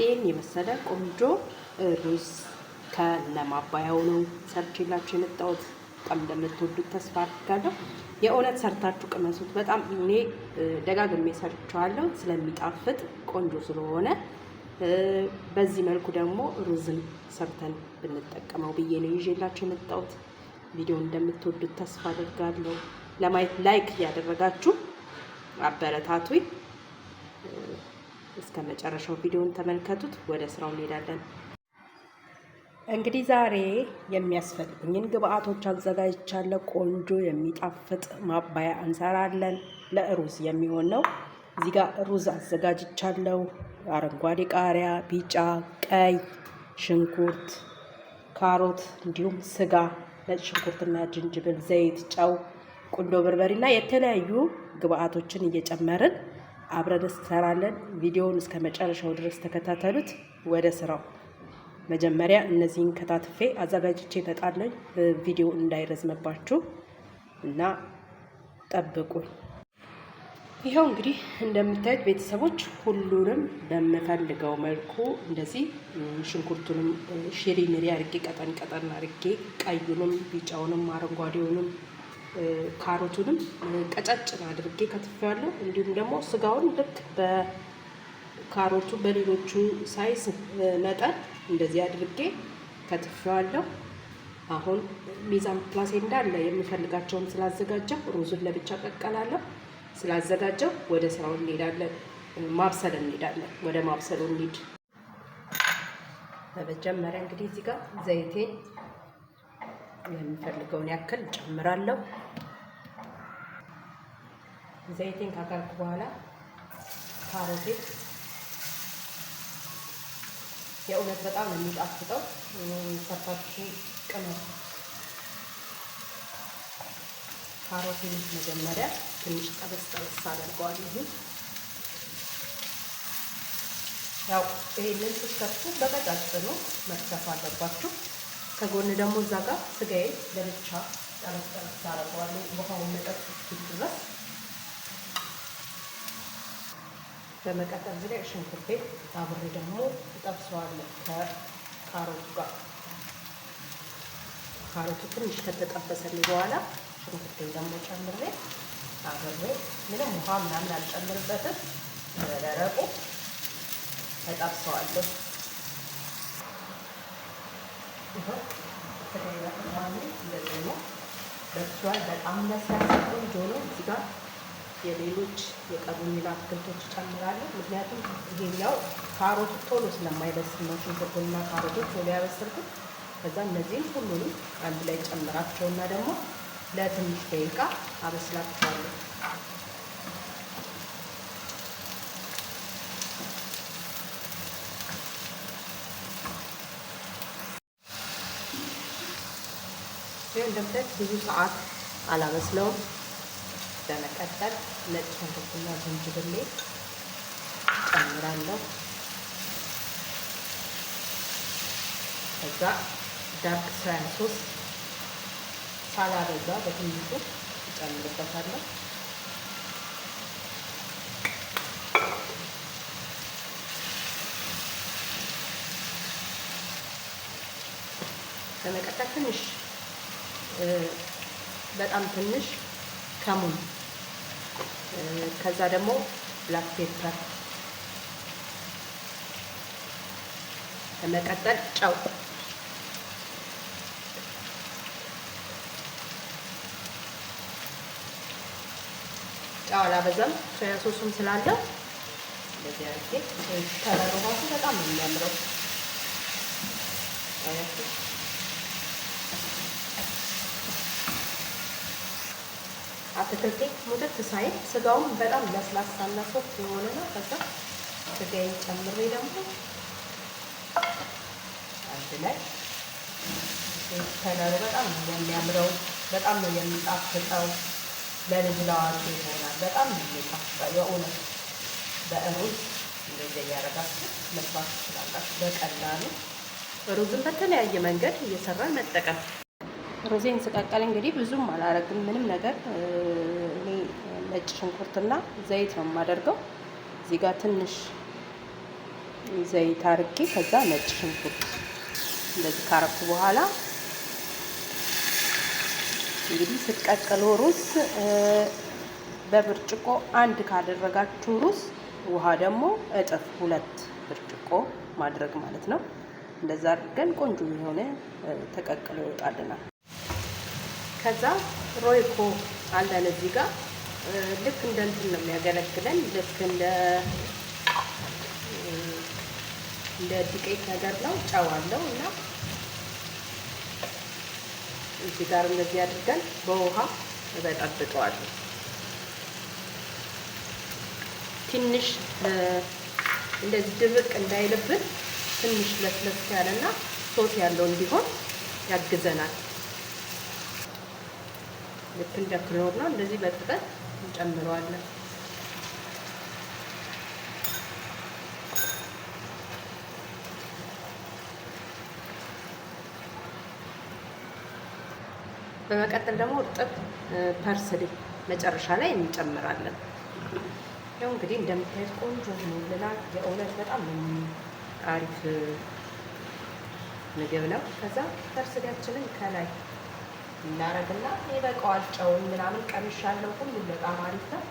ይሄን የመሰለ ቆንጆ ሩዝ ከነማባያው ነው ሰርችላችሁ የመጣሁት። በጣም እንደምትወዱት ተስፋ አድርጋለሁ። የእውነት ሰርታችሁ ቅመሱት። በጣም እኔ ደጋግሜ ሰርቼዋለሁ ስለሚጣፍጥ ቆንጆ ስለሆነ በዚህ መልኩ ደግሞ ሩዝን ሰርተን ብንጠቀመው ብዬ ነው ይዤላችሁ የመጣሁት። ቪዲዮ እንደምትወዱት ተስፋ አድርጋለሁ። ለማየት ላይክ እያደረጋችሁ አበረታቱኝ። መጨረሻው ቪዲዮን ተመልከቱት። ወደ ስራው እንሄዳለን። እንግዲህ ዛሬ የሚያስፈልጉኝን ግብአቶች አዘጋጅቻለሁ። ቆንጆ የሚጣፍጥ ማባያ እንሰራለን። ለሩዝ የሚሆን ነው። እዚህ ጋር ሩዝ አዘጋጅቻለሁ። አረንጓዴ ቃሪያ፣ ቢጫ፣ ቀይ ሽንኩርት፣ ካሮት እንዲሁም ስጋ፣ ነጭ ሽንኩርትና ጅንጅብል፣ ዘይት፣ ጨው፣ ቁንዶ በርበሬና የተለያዩ ግብአቶችን እየጨመርን አብረን እንሰራለን። ቪዲዮውን እስከ መጨረሻው ድረስ ተከታተሉት። ወደ ስራው መጀመሪያ እነዚህን ከታትፌ አዘጋጅቼ እሰጣለሁ። ቪዲዮ እንዳይረዝምባችሁ እና ጠብቁ። ይኸው እንግዲህ እንደምታዩት ቤተሰቦች ሁሉንም በምፈልገው መልኩ እንደዚህ ሽንኩርቱንም ሽሪ ምሪ አርጌ ቀጠን ቀጠን አርጌ ቀዩንም ቢጫውንም አረንጓዴውንም ካሮቱንም ቀጫጭን አድርጌ ከትፌዋለሁ። እንዲሁም ደግሞ ስጋውን ልክ በካሮቱ በሌሎቹ ሳይዝ መጠን እንደዚህ አድርጌ ከትፌዋለሁ። አሁን ሚዛን ፕላሴ እንዳለ የምፈልጋቸውን ስላዘጋጀው ሩዙን ለብቻ ቀቀላለሁ። ስላዘጋጀው ወደ ስራው እንሄዳለን፣ ማብሰል እንሄዳለን። ወደ ማብሰሉ እንሂድ። በመጀመሪያ እንግዲህ እዚህ ጋር ዘይቴን የሚፈልገውን ያክል ጨምራለሁ። ዘይቴን ካጋልኩ በኋላ ካሮቴ የእውነት በጣም ነው የሚጣፍጠው። ሰርታችሁ ቅመም ካሮቴን መጀመሪያ ትንሽ ጠበስ ጠበስ አደርገዋለሁ። ያው ይህንን ስትከቱ በቀጫጭኑ መክተፍ አለባችሁ። ከጎን ደግሞ እዛ ጋር ስጋዬ ለብቻ ጠረብ ጠረብ ታደርገዋለሁ ውሃውን መጠጥ እስኪል ድረስ። በመቀጠል ዙሪያ ሽንኩርቴ አብሬ ደግሞ እጠብሰዋለሁ ከካሮቱ ጋር። ካሮቱ ትንሽ ከተጠበሰልኝ በኋላ ሽንኩርቴን ደግሞ ጨምሬ አብሬ ምንም ውሃ ምናምን አልጨምርበትም፣ በደረቁ እጠብሰዋለሁ። ሲሆን ስጋዬ በጣም ለስላሳ ቆንጆ እዚህ ጋር የሌሎች የቀሩኝን አትክልቶች እጨምራለሁ። ምክንያቱም ይሄኛው ካሮቱ ቶሎ ስለማይበስል ነው። ሽንኩርትና ካሮቶች ቶሎ ያበሰልኩት። ከዛ እነዚህም ሁሉንም አንድ ላይ ጨምራቸውና ደግሞ ለትንሽ ደቂቃ አበስላቸዋለሁ። እንደምታዩት ብዙ ሰዓት አላበስለውም። በመቀጠል ነጭ ሽንኩርትና ዝንጅብሌ ጨምራለሁ። ከዛ ዳርክ ሳያ ሶስ ሳላበዛ በትንሹ እጨምርበታለሁ። በመቀጠል ትንሽ በጣም ትንሽ ከሙን፣ ከዛ ደግሞ ብላክ ፔፐር፣ በመቀጠል ጨው ጨው አላበዛም። ሶያ ሶሱም ስላለው እንደዚህ አድርጌ ተበረባቱ በጣም ነው የሚያምረው። አትክልቴ ሙጥት ሳይል ስጋውም በጣም ለስላሳና ሶፍት የሆነ ነው። ከዛ ስጋዬን ጨምሬ ደግሞ አንድ ላይ ከለሩ በጣም የሚያምረው በጣም ነው የሚጣፍጠው። ለልጅ ለዋቂ ይሆናል። በጣም ነው የሚጣፍጠው የእውነት በሩዝ እንደዚህ እያደረጋችሁ መስራት ትችላላችሁ በቀላሉ ሩዝን በተለያየ መንገድ እየሰራን መጠቀም ሩዜን ስቀቀል እንግዲህ ብዙም አላረግም። ምንም ነገር እኔ ነጭ ሽንኩርትና ዘይት ነው የማደርገው። እዚህ ጋር ትንሽ ዘይት አርጌ ከዛ ነጭ ሽንኩርት እንደዚህ ካረኩ በኋላ እንግዲህ ስትቀቅሉ ሩዝ በብርጭቆ አንድ ካደረጋችሁ ሩዝ ውሃ ደግሞ እጥፍ ሁለት ብርጭቆ ማድረግ ማለት ነው። እንደዛ አድርገን ቆንጆ የሆነ ተቀቅሎ ይወጣልናል። ከዛ ሮይኮ አለን እዚህ ጋር ልክ እንደ እንትን ነው የሚያገለግለን። ልክ እንደ እንደ ዱቄት ነገር ነው። ጨው አለው እና እዚህ ጋር እንደዚህ አድርገን በውሃ እበጠብጠዋለሁ። ትንሽ እንደዚህ ድርቅ እንዳይልብን ትንሽ ለስለስ ያለና ሶት ያለው እንዲሆን ያግዘናል። ልክ እንደ ክኖር ነው። እንደዚህ በጥበት እንጨምረዋለን። በመቀጠል ደግሞ እርጥብ ፐርስሊ መጨረሻ ላይ እንጨምራለን። ያው እንግዲህ እንደምታዩት ቆንጆ ሆኖልናል። የእውነት በጣም አሪፍ ምግብ ነው። ከዛ ፐርስሊያችንን ከላይ እናረግና ይበቃዋል። ጨውን ምናምን ቀምሻለሁ። ሁሉም በጣም አሪፍ ነው።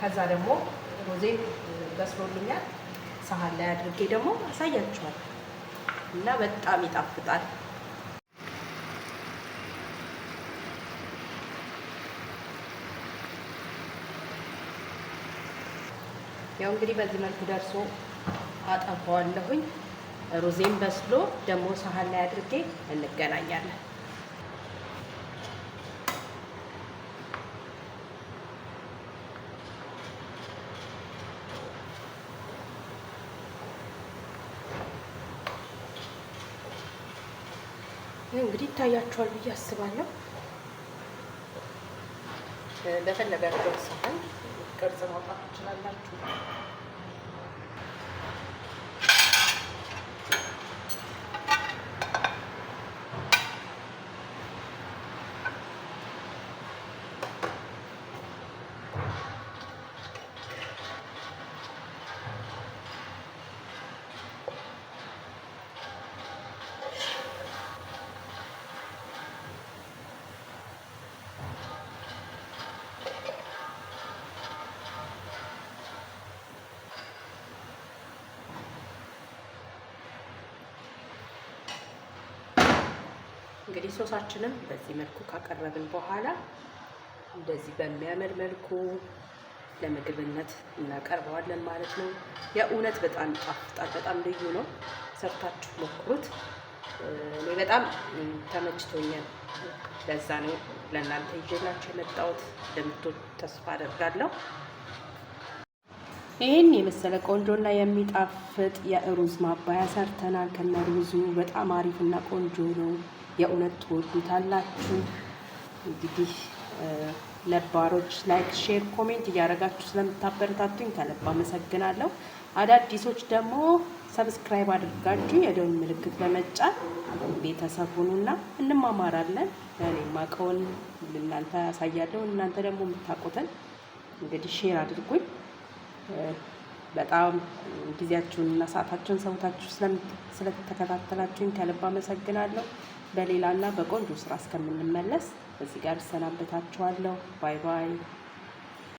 ከዛ ደግሞ ሮዜን በስሎልኛል። ሳህን ላይ አድርጌ ደግሞ አሳያችኋል እና በጣም ይጣፍጣል። ያው እንግዲህ በዚህ መልኩ ደርሶ አጠፋዋለሁኝ። ሩዜም በስሎ ደግሞ ሳህን ላይ አድርጌ እንገናኛለን። እንግዲህ ይታያችኋል ብዬ አስባለሁ። በፈለጋቸው ሳህን ቅርጽ ማውጣት ትችላላችሁ። እንግዲህ ሶሳችንም በዚህ መልኩ ካቀረብን በኋላ እንደዚህ በሚያምር መልኩ ለምግብነት እናቀርበዋለን ማለት ነው። የእውነት በጣም ጣፍጣል። በጣም ልዩ ነው። ሰርታችሁ ሞክሩት። እኔ በጣም ተመችቶኛል። ለዛ ነው ለእናንተ ይዤላችሁ የመጣሁት። እንደምትወዱ ተስፋ አደርጋለሁ። ይህን የመሰለ ቆንጆና የሚጣፍጥ የሩዝ ማባያ ሰርተናል። ከነ ሩዙ በጣም አሪፍና ቆንጆ ነው። የእውነት ትወዱታላችሁ። እንግዲህ ነባሮች ላይክ፣ ሼር፣ ኮሜንት እያደረጋችሁ ስለምታበረታቱኝ ከልብ አመሰግናለሁ። አዳዲሶች ደግሞ ሰብስክራይብ አድርጋችሁ የደወል ምልክት በመጫን ቤተሰብ ሁኑና እንማማራለን። እኔ የማውቀውን እናንተ ያሳያለሁ፣ እናንተ ደግሞ የምታውቁትን እንግዲህ ሼር አድርጉኝ። በጣም ጊዜያችሁንና ሰዓታችሁን ሰውታችሁ ስለተከታተላችሁኝ ከልብ አመሰግናለሁ። በሌላና በቆንጆ ስራ እስከምንመለስ በዚህ ጋር እሰናበታችኋለሁ። ባይ ባይ።